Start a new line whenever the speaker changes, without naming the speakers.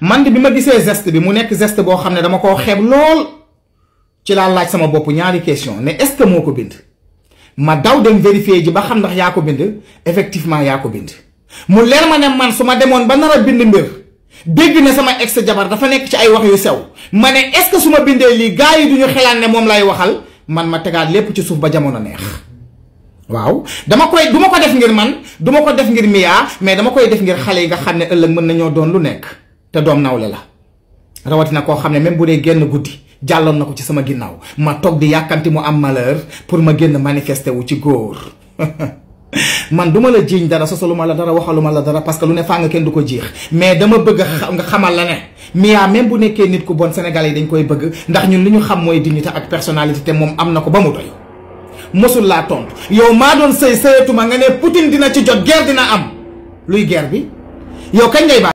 man de bi ma gisee geste bi mu nekk geste boo xam ne dama ko xeeb lool ci laa laaj sama bopp ñaari question ne est-ce que moo ko bind ma daw dem vérifier ji ba xam ndax yaa ko bind effectivement yaa ko bind mu leer ma ne man su ma demoon ba nara bind mbir bégg ne sama ex jabar dafa nekk ci ay wax yu sew ma ne est-ce que su ma bindee lii gars yi du ñu xelaat ne moom lay waxal man ma tegaat lépp ci suuf ba jamono neex waaw dama koy du ma ko def ngir man du ma ko def ngir Mia mais dama koy def ngir xale yi nga xam ne ëllëg mën nañoo doon lu nekk te doom nawle la rawatina koo xam ne même bu dee génn guddi jàlloon na ko ci sama ginnaaw ma toog di yàkkanti mu am malheur pour ma génn manifester wu ci góor man du ma la jiiñ dara ma la dara waxaluma la dara parce que lu ne faa nga kenn du ko jiix mais dama bëgg nga xamal la ne Mia même bu nekkee nit ku bon Sénégalais yi dañ koy bëgg ndax ñun li ñu xam mooy dignité ak personnalité moom am na ko ba mu doy mosul laa tontu yow maa doon sëy sëyatuma nga ne Poutine dina ci jot guerre dina am luy guerre bi
yow kañ